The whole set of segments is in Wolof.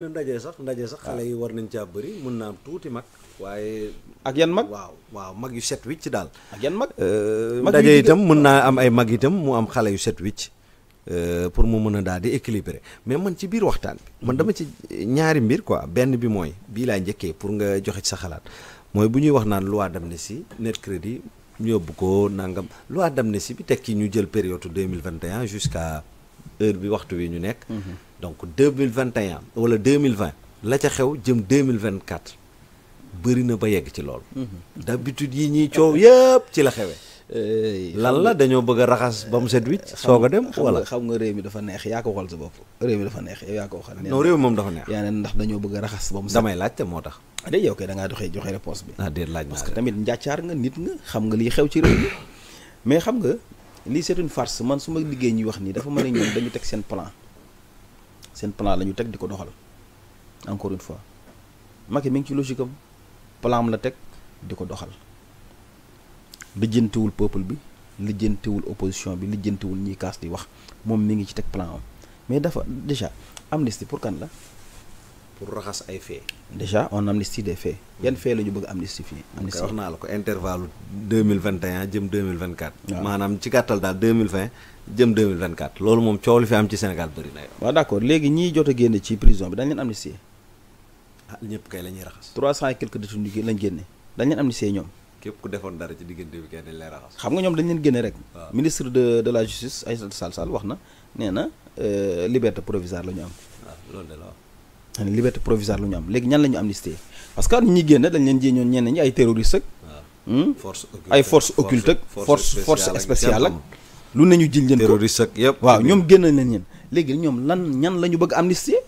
ndaje sax ndaje sax ah. xale yi war nañ caa bëri mun naa am tuuti mag waaye ak yan mag waaw waaw mag yu set wicc daal yan mag euh, ndaje itam mën naa am ay mag itam mu am xale yu set wicc euh, pour mu mën a daal di équilibrer mais man ci biir waxtaan bi man dama ci ñaari mbir quoi benn bi mooy bii laa njëkkee pour nga joxe ci sa xalaat mooy bu ñuy wax naan loi d'amnistie crédit ñu yóbbu ko nangam loi d'amnistie bi tekki ñu jël période 2021 jusqu'à heure bi waxtu wi ñu nekk mhm. donc deux mille vingt et wala deux mille vingt la ca xew jëm deux mille vingt quatre bëri na ba yegg ci lool mhm. d'habitude yi ñuy coow yëpp ci la xewee. Euh, lan la dañoo bëgg a raxas ba mu set wicc soog a dem wala xam nga réew mi dafa neex yaa ko waxal sa bopp réew mi dafa neex yow yaa ko waxal non réew moom dafa neex yaa ne ndax dañoo bëgg a raxas ba mu set damay laajte moo tax ah, déet yow kay da ngaa doxee joxe réponse bi ah déet laaj parce que tamit njàccaar nga nit nga xam nga lii xew ci réew mi mais xam nga lii c'est une farce man su ma liggéey ñuy wax nii dafa mën a teg seen plan seen plan la ñu teg di ko doxal encore une fois Macky mi ngi ci logique am plan la teg di ko doxal lijjantiwul peuple bi lijjantiwul opposition bi lijjantiwul ñiy kaas di wax moom mi ngi ci teg plan am mais dafa déjà amnistie pour kan la pour raxas ay faits. déjà on amnistie des faits. yan faits la ñu bëgg amnistie fii. amnistie wax naa la ko intervalle deux mille vingt et un jëm deux mille vingt quatre. maanaam ci gàttal daal deux mille jëm loolu moom coow li fi am ci Sénégal bëri na yow. waaw d' accord léegi ñiy jot a ci prison bi ah, kay la cent et quelques détenus lañ génne dañ leen amnistier ñoom. képp ku defoon dara ci diggante bi kay dañ leen raxas. xam nga ñoom dañ leen génne rek. ministre de de la justice Aïssata Tall Sall wax na nee na euh, liberté provisoire la ñu am. waaw ah, loolu de la liberté provisoire lu ñu am léegi ñan la ñu amnistie parce que ñi génn dañ leen jéeñoon ñenn ñi ay terroriste ak. ay ah. hmm? force occulte ak force force spéciale ak. lu ne ñu jël leen ko ak yëpp. waaw ñoom génn nañ leen léegi ñoom lan ñan la ñu bëgg amnistie.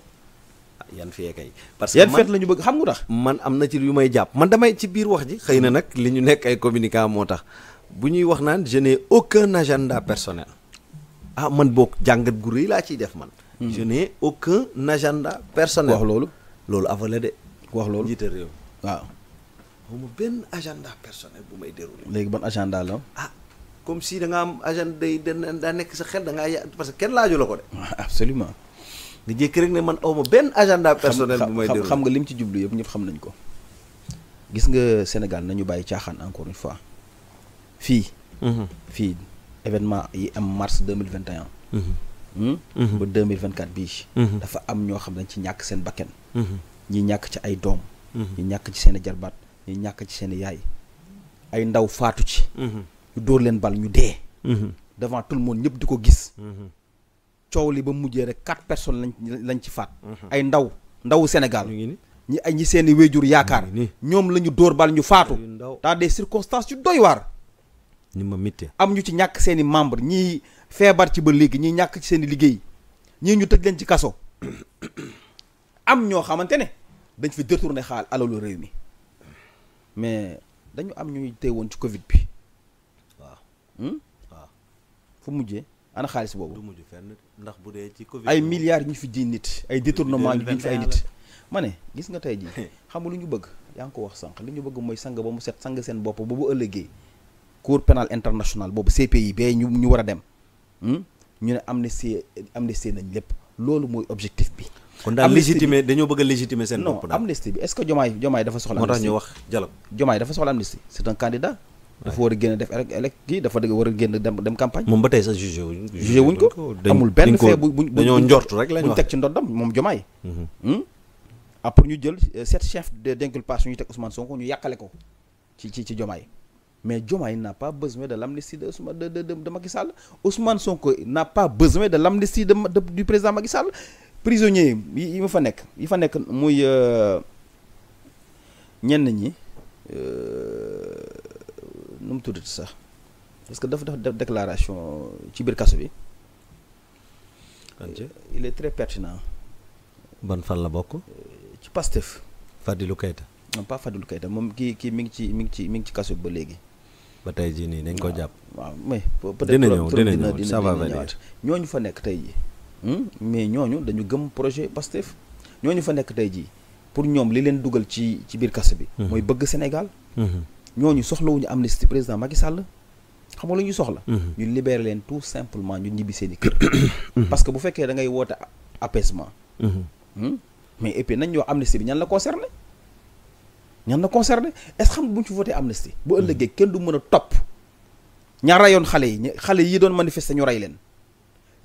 Ah, yan fee kay que yan feet la ñu bëgg xam nga tax man am na ci yu may jàpp man damay ci biir wax ji xëy na nag li ñu nekk ay communicant moo tax bu ñuy wax naan je n'ai aucun agenda personnel ah man boog jàngat gu rëy laa ciy def man Hmm. je n'ai aucun agenda wax loolu loolu avalé de. wax loolu jiite réew. waaw. amul benn agenda personnel bu may déroulé. léegi ban agenda la. ah comme si da nga am agenda day daa nekk sa xel da ngaa ya parce que kenn laaju la ko de. absolument nga jékki rek ne man awma benn agenda personnel bu may déroulé xam nga lim ci jublu yëpp ñëpp xam nañ ko. gis nga Sénégal nañu bàyyi caaxaan encore une fois fii. Mhm. fii événement yi am mars deux mille vingt Hmm? ba deux mille vingt quatre bii. Hmm. dafa am ñoo xam dañ ci ñàkk seen bakken. Hmm. ñi ñàkk ci ay doom. ñi ñàkk ci seen i jarbaat ñi ñàkk ci seen i yaay. ay ndaw faatu ci. ñu dóor leen bal ñu dee. devant tout le monde ñëpp di ko gis. coow li ba mujjee rek quatre personnes lañ lañ ci faat. ay ndaw ndawu Sénégal. ñi ay ñi seen i yaakaar. ñoom la ñu dóor bal ñu faatu. dans des circonstances yu doy waar. am ñu ci ñàkk seen i ñii. feebar ci ba léegi ñi ñàkk ci seen liggéey ñii ñu tëj leen ci kaso am ñoo xamante ne dañ fi détourné xaal alalu réew mi mais dañu am ñuy tey woon ci Covid bi waaw. Hmm? waaw fu mujjee ana xaalis boobu. du mujj fenn ndax bu dee ci Covid. ay milliards ñu fi ji nit ay détournement ñu fi ay nit. ma ne gis nga tey jii xam nga lu ñu bëgg yaa ngi ko wax sànq li ñu bëgg mooy sang ba mu set sang seen bopp ba bu ëllëgee cour pénal international boobu CPI bee ñu ñu war a dem. Hmm? ñu ne amnistie amnistie nañ lépp loolu mooy objectif bi. kon daal légitimer dañoo bëgg a seen bopp daal non amnistie bi est-ce que Diomaye Diomaye dafa soxla. amnistie moo tax ñu wax dialogue. Diomaye dafa soxla amnistie c'est war a génn a génn dem dem campagne. moom ba tey sax jugé wuñ. jugé wuñ ko amul benn fee bu bu dañoo njortu rek lañ teg ci ndoddam moom Diomaye. Mhm. Hmm? après ah, ñu jël set sept chefs d'inculpation ñu teg Ousmane Sonko ñu yàkkale ko ci ci ci Diomaye Mais Diomaye n'a pas besoin de l'amnistie de, de, de, de, de Macky Sall. Ousmane Sonko n'a pas besoin de l'amnistie de, de, du président Macky Sall. Prisonnier, il fa nekk yi fa nek muy euh, ñenn ñi euh nu mu sax parce que dafa def déclaration ci biir kaso bi. Euh, il est très pertinent. ban fan la bokk. Euh, ci Pastef. Fadilou Keita. non pas Fadilou Keita moom kii kii mi ngi ci mi ngi ci mi ngi ci kaso bi ba léegi. ba tey jii nii dañ ko jàpp. waaw mais peut-être dina ñëw dina ñëw ça va venir ñooñu fa nekk tey jii hmm? mais ñooñu dañu gëm projet Pastef ñooñu fa nekk tey jii pour ñoom li leen dugal ci ci biir kaso bi. Hmm. mooy bëgg Sénégal. Hmm. ñooñu soxlawuñu amnistie président Macky Sall. xam nga lu ñu soxla. ñu libérer leen tout simplement ñu ñibbi seen i kër. parce que bu fekkee da ngay woote apaisement. mais et puis nañ wax amnistie bi ñan la concerné. ñan la concerné est xam bu ñu ci voté amnistie bu ëllëgee kenn du mën a topp ña rayoon xale yi xale yi doon manifester ñu rey leen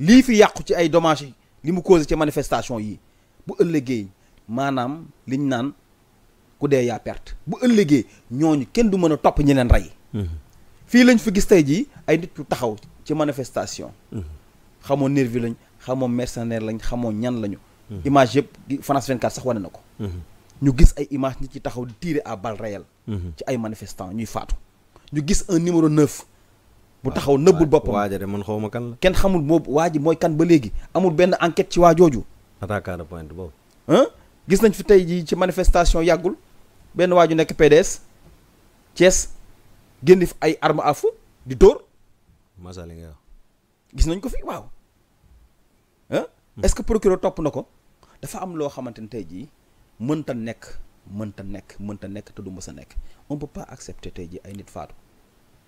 lii fi yàqu ci ay dommages li mu causé ci manifestation yi bu ëllëgee maanaam liñ naan ku dee yaa perte bu ëllëgee ñooñu kenn du mën a topp ñi leen rey. Mm-hmm. fii lañ fi gis tey jii ay nit yu taxaw ci manifestation. Mm-hmm. xamoo nervi lañ xamoo mercenaire lañ xamoo ñan lañu. Mm-hmm. image yëpp France 24 sax wane na ko. ñu gis ay image nit ci taxaw di tiire à balles réelles mhm. ci ay manifestants ñuy faatu ñu gis un numéro bu taxaw nëbbul boppam waaja de man xawma kan kenn xamul moo waa ji mooy kan ba léegi amul benn enquête ci waa jooju attaquant de pointe gis nañ fi tey ji ci manifestation yàggul benn waa ju nekk PDS Thiès génn fi ay arme à di dóor masali gis nañ ko fi waaw hmm. est que procureur topp na ko dafa am loo xamante ni tey jii mënta nekk mënta nekk mënta nekk te du mës a nekk on peut pas accepter tey ji ay nit faatu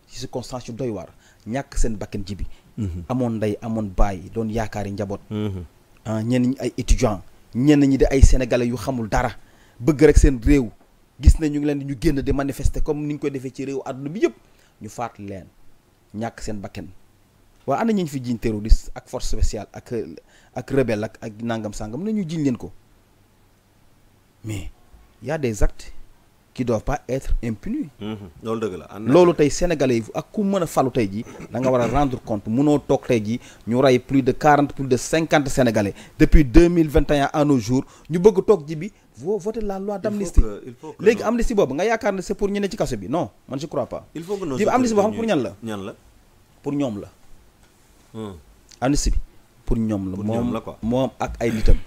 ci circonstance yu doy war ñàkk seen bakken ji bi mhm. amoon ndey amoon baay doon yaakaari njaboot mhm. ah, ñen ñi ay étudiant ñenn ñi di ay sénégalais yu xamul dara bëgg rek seen réew gis na ñu ngi leen di ñu génn di manifester comme ni ñu koy defee ci réew àdduna bi yëpp ñu faat leen ñàkk seen bakken waa ana ñi ñu fi jiiñ terroriste ak force spéciale ak ak ak ak nangam sangam na ñu jiiñ leen ko mais il y a des actes qui doivent pas être impunis. Mhm. loolu dëgg la loolu tey sénégalais yi ak ku mën a falu tey jii da nga war a rendre compte munoo toog tey jii ñu rey plus de quarante plus de cinquante sénégalais depuis deux mille vingt et un à nos jours ñu bëgg toog ji bi vous votez la loi d'amnistie léegi amnistie boobu nga yaakaar ne c'est pour ñeneen ci kaso bi non man je crois pas. il faut que nos ji xam pour ñan la pour ñoom la. Hmm. amnistie bi pour ñoom la. moom moom ak ay nitam.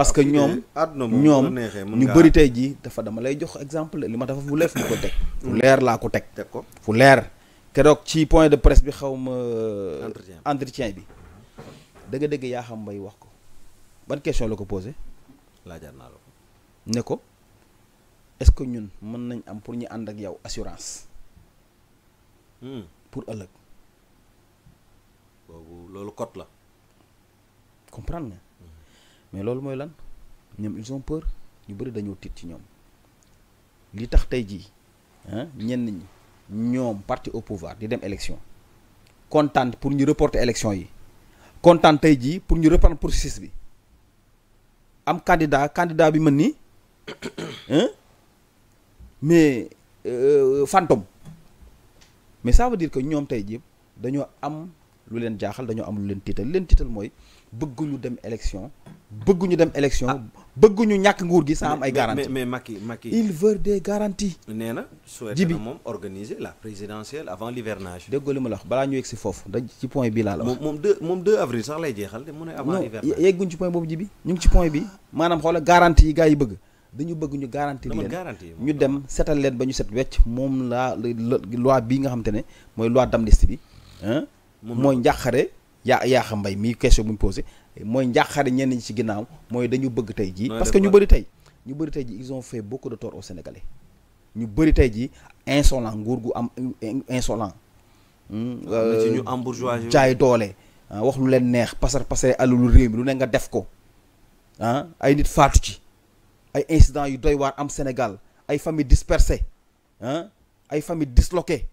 parce que ñoom ñoom ñu bëri tey jii dafa dama lay jox exemple li ma dafa fu leer fu ko teg mm. fu leer laa ko teg fu leer keroog ci point de presse bi xaw ma euh, entretien bi dëgg dëgg yaa xam mbay wax ko ban question la ko posé laajaat ne ko est-ce que ñun mën nañ am pour ñu ànd ak yow assurance hmm. pour ëllëg boobu loolu code la comprendre nga mais loolu mooy lan ñoom ils ont ñu bëri dañoo tiit ci ñoom li tax tey jii ah ñenn ñi ñoom parti au pouvoir di dem élection kontaan pour ñu reporter élection yi kontaan tey jii pour ñu reprendre processus bi am candidat candidat bi mën nii mais euh, fantôme mais ça veut dire que ñoom tey jii dañoo am lu leen jaaxal dañoo am lu leen tiital leen tiital mooy. bëgguñu dem élection bëgguñu dem élection ah. bëgguñu ñàkk nguur gi sans am ay garantie mais Macky Macky il veut des garanties nee na souhaité na moom organiser la présidentielle avant l'hivernage déggoo li ma la wax balaa ñu yegg si foofu da ci point bi laa la wax moom deux moom 2 avril sax lay jeexal de mu ne avant l'hivernage yegguñ ci point boobu ji bi ñu ngi ci point bi maanaam xoola garantie yi gars yi bëgg dañu bëgg ñu garantir leen ñu dem setal leen ba ñu set wecc moom laa loi bii nga xam te ne mooy loi d'amnistie bi mooy njàqare yaa yaa mbay mi question bu ñu posé mooy njaaxaare ñeen ñi ci ginnaaw mooy dañu bëgg tey jii parce que ñu bëri tey ñu bëri tey jii ils ont fait beaucoup ñu bëri tey jii insolent nguur gu am insolent hmm, ci ñu euh, embourgeoisie jaay doole ah, wax lu leen neex pasar pasare alalu réew mi lu ne nga def ko ah ay nit faatu ci ay incidents yu doy waar am Sénégal ay familles dispersées ah ay familles disloquées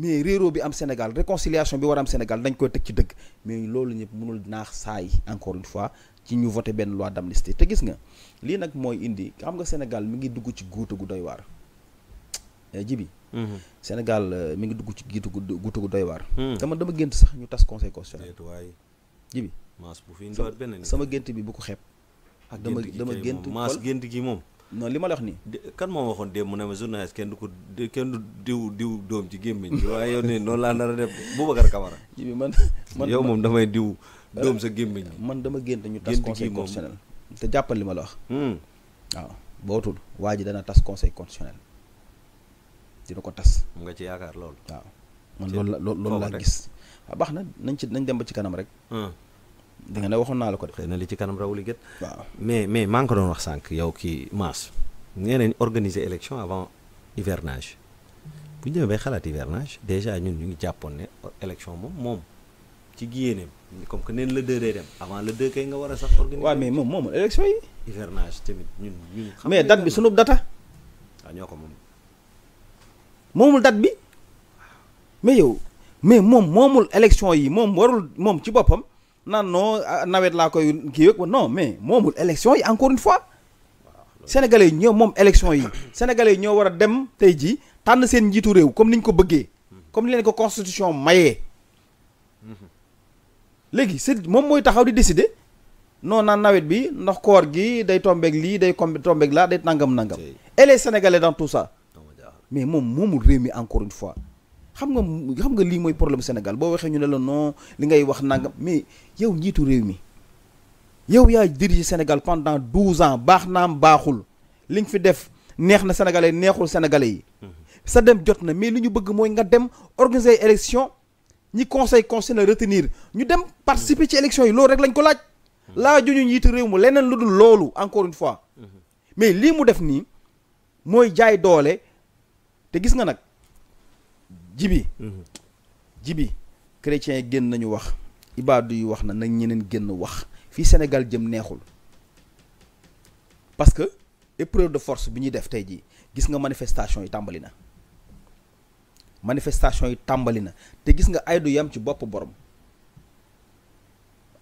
mais réeroo bi am Sénégal réconciliation bi war am Sénégal dañ koy teg ci dëgg mais loolu ñëpp mënul naax saay encore une fois ci ñu voté benn loi d'amnistie te gis nga lii nag mooy indi xam nga Sénégal mi ngi dugg ci guutu gu doy waar eh, jibi mhm. Sénégal euh, mi ngi dugg ci giitu gu guutu gu doy waar dama mhm. dama gént sax ñu tas conseil constitutionnel jibi sama gént bi bu ko xeeb ak dama dama gént maas gént gi moom non li ma la wax nii. kan moo waxoon démb mu ne ma journaliste kenn du ko kenn du diw diw doom ci gémmiñ bi waaye yow ne noonu laa nar a def Boubacar Camara. ji man man yow moom damay diw doom sa gémmiñ man dama gént ñu tas conseil constitutionnel te jàppal li ma la wax. Hmm. waaw bootul waa ji dana tas conseil constitutionnel dina ko tas. mu nga ci yaakaar loolu. waaw man loolu la loolu laa gis. baax na nañ ci nañ dem ba ci kanam rek. Hmm. da nga ne waxoon naa la ko de. xëy na li ci kanam raw li gët. waaw mais mais maa ngi ko doon wax sànq yow kii Mass. nee nañ organiser élection avant hivernage bu ñu demee bay xalaat hivernage déjà ñun ñu ngi jàppoon ne élection moom moom ci génneem comme que neen le 2 day avant le 2 war a sax. organiser waaw mais moom moom élection yi. hivernage tamit ñun ñun. xam mais date bi sunu data. waaw ah, ñoo ko moom. moomul date bi mais yow mais moom moomul élection yi moom warul moom ci boppam. naan non nawet laa koy kii rek non mais moomul élection yi encore une fois sénégalais yi ñoo moom élection yi sénégalais yi ñoo war a dem tey ji tànn seen njiitu réew comme ni ñu ko bëggee comme ni leen ko constitution mayee léegi c'est moom mooy taxaw di décider non naan nawet bi ndox koor gi day tombeeg lii day tombeeg laa day nangam nangam et les sénégalais dans tout ça mais moom moomul réew mi encore une fois xam nga xam nga lii mooy problème Sénégal boo waxee ñu ne la non li ngay wax nangam mais yow njiitu réew mi yow yaa dirigé Sénégal pendant douze ans baax naam baaxul li nga fi def neex na sénégalais neexul sénégalais yi. sa dem jot na mais li ñu bëgg mooy nga dem organiser élection ñi conseil conseil na retenir ñu dem participer ci élection yi loolu rek lañ ko laaj. laaju ñu njiitu réew mi leneen lu dul loolu encore une fois. mais lii mu def nii mooy jaay doole te gis nga nag. jibi mhm. jibi chrétiens yi génn nañu wax ibaadu yu wax na nag ñeneen génn wax fii Sénégal jëm neexul parce que épreuve de force bi ñuy def tey ji gis nga manifestation yi tàmbali na manifestation yi tàmbali na te gis nga ay du yam ci bopp borom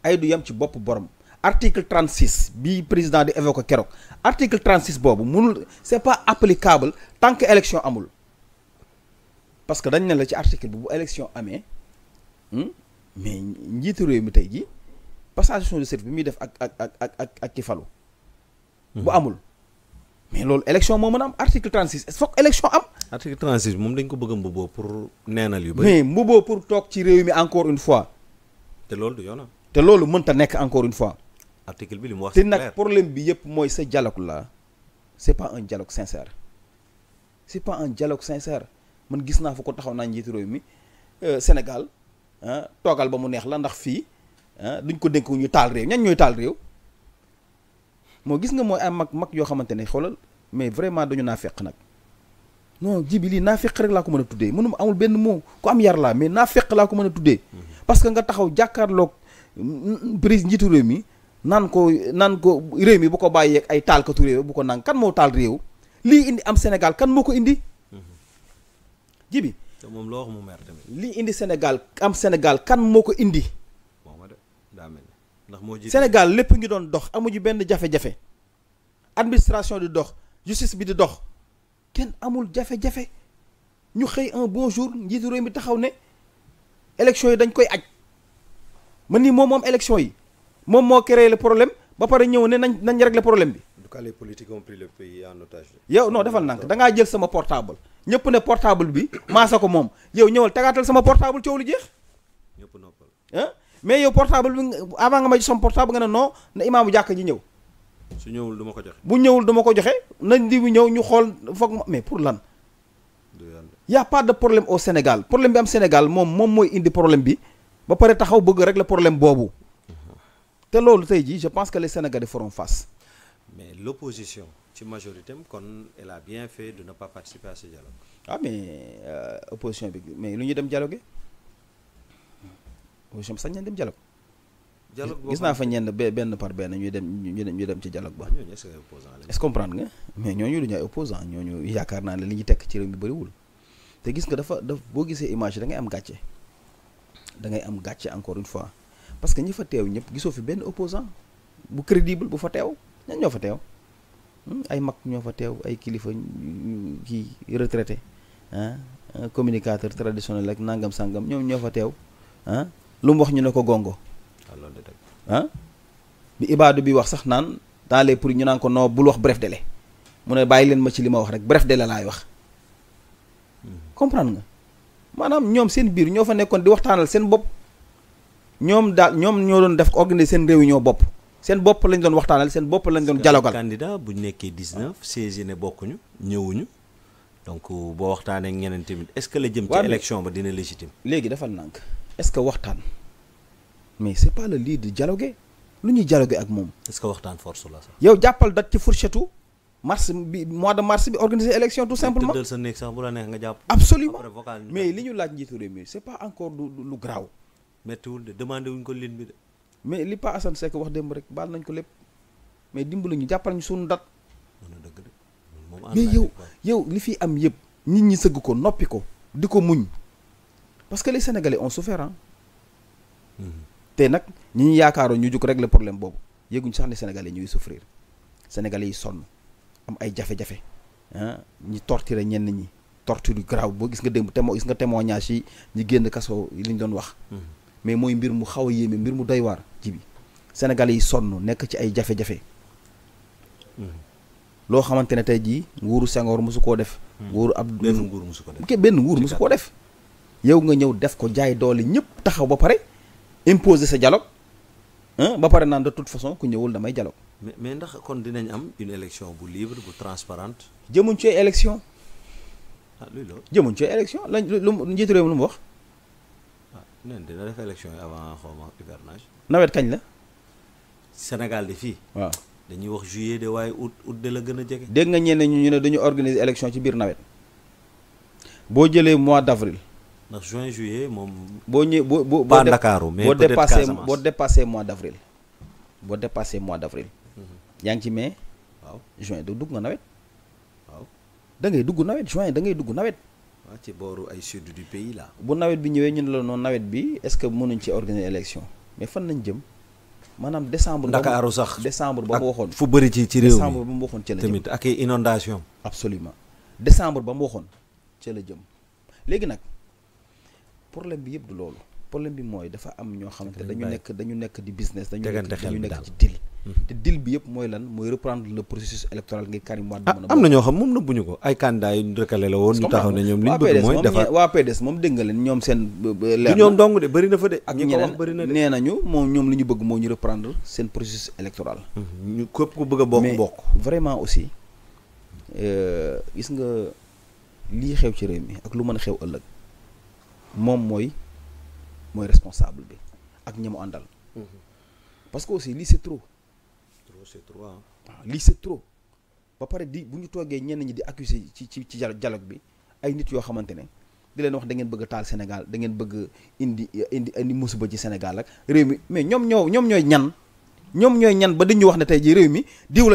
aydu du yam ci bopp borom article 36 bi président di évoqué keroog article 36 boobu mënul c'est pas applicable tant que élection amul parce que dañ ne la ci article bi bu élection amee hmm, mais njiitu réew mi tey ji passation de service bi muy def ak ak ak ak ak ak ki falu bu hmm. amul mais loolu élection moo mën a am article 36 foog élection am. article 36 moom dañ ko bëgg a mboboo pour neenal yu bëri. mais mboboo pour toog ci réew mi encore une fois. te loolu du yoon te loolu mënta nekk encore une fois. article bi li mu wax te nag problème bi yëpp mooy sa dialogue la c' est pas un dialogue sincère c' est pas un man gis naa fu ko taxaw naa njiitu réew mi euh, Sénégal toogal ba mu neex la ndax fii duñ ko dénk ñu taal réew ñooy taal réew moo gis nga mooy ay mag mag yoo xamante ne xoolal mais vraiment dañu naa feq nag non ji bi lii naa feq rek laa ko mën a tuddee mënuma amul benn moo ku am yar laa mais naa feq laa ko mën a tuddee mhm. parce que nga taxaw jàkkaarloog prise njiitu mi naan ko naan ko réew mi bu ko bàyyeeg ay taalkatu réew bu ko nang kan moo taal réew lii indi am Sénégal kan moo ko indi ji bi. te moom loo mu mer tamit. li indi Sénégal am Sénégal kan moo ko indi. ndax moo jiite Sénégal lépp ngi doon dox amuñu benn jafe-jafe. administration di dox justice bi di dox kenn amul jafe-jafe ñu xëy un bon jour njiitu réew mi taxaw ne élection yi dañ koy aj man nii moom moom élection yi moom moo créé le problème ba pare ñëw ne nañ nañ régler problème bi. en tout cas les yow non defal nank dangaa jël sama portable. ñëpp ne portable bi maasa ko moom yow ñëwal tegaatal sama portable coow lu jeex. ñëpp noppal ah mais yow portable bi avant nga may sama portable nga ne non na imaamu jàkk ñi ñëw. su ñëwul du ma ko joxe. bu ñëwul du ko joxe nañ di ñëw ñu xool foog mais pour lan. y' a pas de problème au Sénégal problème bi am Sénégal moom moom mooy indi problème bi ba pare taxaw bëgg rek la problème boobu. te loolu tey jii je pense que les Sénégalais feront face. mais l'opposition ci majorité kon elle a bien fait de ne pas participer à ce dialogue. ah mais euh, opposition bi mais lu ñu dem dialogué opposition bi sax ñu dem dialogue. dialogue gis naa fa ñenn benn par benn ñu dem ñu dem ci dialogue ba. Ah, est-ce comprendre nga mais ñooñu du ñu ay opposant ñooñu yaakaar naa ne li ñu tekk ci réew mi bëriwul. te gis nga dafa daf boo gisee image da ngay am gàcce da ngay am gàcce encore une fois parce que ñi fa teew ñëpp gisoo fi benn opposant bu crédible bu fa teew ñoo fa teew. Hmm, ay mag ñoo fa teew ay kilifa kii retraité ah, ah, communicateur traditionnel rek nangam sangam ñoom ñoo fa teew ah, lu mu wax ñu ne ko gongo ah bi ibaadu bi wax sax naan dans pour ñu naan ko non bul wax bref délai mu ne bàyyi leen ma ci li ma wax rek bref délai laay wax hmm. comprendre nga maanaam ñoom seen biir ñoo fa nekkoon di waxtaanal seen bopp ñoom daal ñoom ñoo doon def organiser seen réunion bopp seen bopp lañ doon waxtaanal seen bopp lañ doon dialogal candidat bu nekkee 19 16 ne bokkuñu ñëwuñu donc boo waxtaanee ak tamit est-ce que la jëm ci élection ba dina légitime léegi dafa nànk est que waxtaan mais c'est pas le lieu de dialoguer lu ñuy dialoguer ak moom est-ce que waxtaan force la sax yow jàppal date ci fourchette u mars bi mois de mars bi organiser élection tout simplement tëddal sa néeg sax bu la neex absolument mais li ñu laaj njiitu réew mi c'est pas encore lu lu graaw méttiwul de demandé wuñ ko ligne bi mais lippa Pa Assane Seck wax démb rek baal nañ ko lépp mais dimbali ñu jàppal ñu suñu dat. mais yow yow li fi am yëpp nit ñi sëgg ko noppi ko di ko muñ parce que les sénégalais ont souffert mhm. te nag ñi ñu yaakaaroon ñu jug régler problème boobu yëguñ sax ne sénégalais ñuy souffrir sénégalais yi sonn am ay jafe-jafe ah ñi torturer ñenn ñi torture yu garaaw boo gis nga démb témo gis nga témoignage yi ñi génn kaso lañu doon wax. Mhm. mais mooy mbir mu xaw a yéeme mbir mu doy waar ji bi Sénégal yi sonn nekk ci ay jafe-jafe. Hmm. loo xamante ne tey jii nguuru sangoor mosu koo def. Hmm. nguuru ab benn nguur mosu ko def benn nguur mosu koo def. yow nga ñëw def ko jaay doole ñëpp taxaw ba pare imposer sa dialogue ba pare naan de toute façon ku ñëwul damay dialogue. mais mais ndax kon dinañ am une élection bu libre bu transparente jëmuñ ci élection. lu ah, luy loolu jëmuñ ci élection lañ lu njiitu réew lu mu wax. nee dina def élection yi avant xaw ma hivernage. nawet kañ la. Sénégal de fii. waaw dañuy wax juillet de waaye août août de la gën a jege. dégg nga ñenn ñu ne dañu organiser élection ci biir nawet boo jëlee mois d' avril. ndax juin juillet moom. boo ñëwee boo boo pas mais peut-être boo dépassé mois d' avril boo dépassé mois d' avril. Mhm. yaa ngi ci mai. waaw juin dugg nga nawet. waaw da dugg nawet juin da dugg nawet. Ah, ci booru ay sud du pays là. bu nawet bi ñëwee ñun la noonu nawet bi est-ce que mënuñ ci organiser élection mais fan nañ jëm maanaam décembre. Ndakaaru sax décembre ba mu waxoon fu bëri ci ci réew mi ba mu waxoon ca la jëm tamit ak i décembre ba mu waxoon ca la jëm léegi nag problème bi yëpp du loolu problème bi mooy dafa am ñoo xamante dañu nekk dañu nekk di business dañu nekk dañu nekk ci dil te deal bi yëpp mooy lan mooy reprendre le processus électoral ngir Karim Wade ah, mën a am na ñoo xam moom nëbbuñu ko ay candidats yu la woon ñu taxaw ne ñoom li ñu bëgg mooy defar waa PDS moom dégg nga leen ñoom seen euh, euh, leer ñoom dong de bëri na fa ñu bëgg moo ñu reprendre seen processus électoral mhm. ñu képp ku bëgg a bokk bokk vraiment aussi euh, gis nga lii xew ci réew mi ak lu mën a xew ëllëg moom mooy mooy responsable bi ak ñi mu àndal mhm. parce que aussi lii c'est trop c'est trop ah. lii c'est trop ba pare di bu ñu toogee ñenn ñi di accuser ci ci ci dialogue bi ay nit yoo xamante ne di leen wax da ngeen bëgg taal Sénégal da ngeen bëgg indi indi indi musiba ci Sénégal ak réew mi mais ñoom ñoo ñoom ñooy ñan ñoom ñooy ñan ba dañu wax ne tey ji réew mi diw